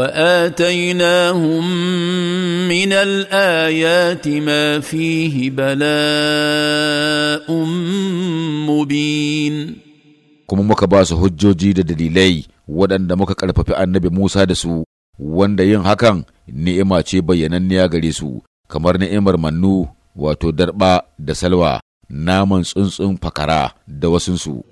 واتيناهم من الايات ما فيه بلاء مبين kuma muka ba su hujjoji da dalilai waɗanda muka ƙarfafi annabi Musa da su wanda yin hakan ni'ima ce bayyananniya gare su kamar ni'imar mannu wato darba da salwa naman tsuntsun fakara da wasunsu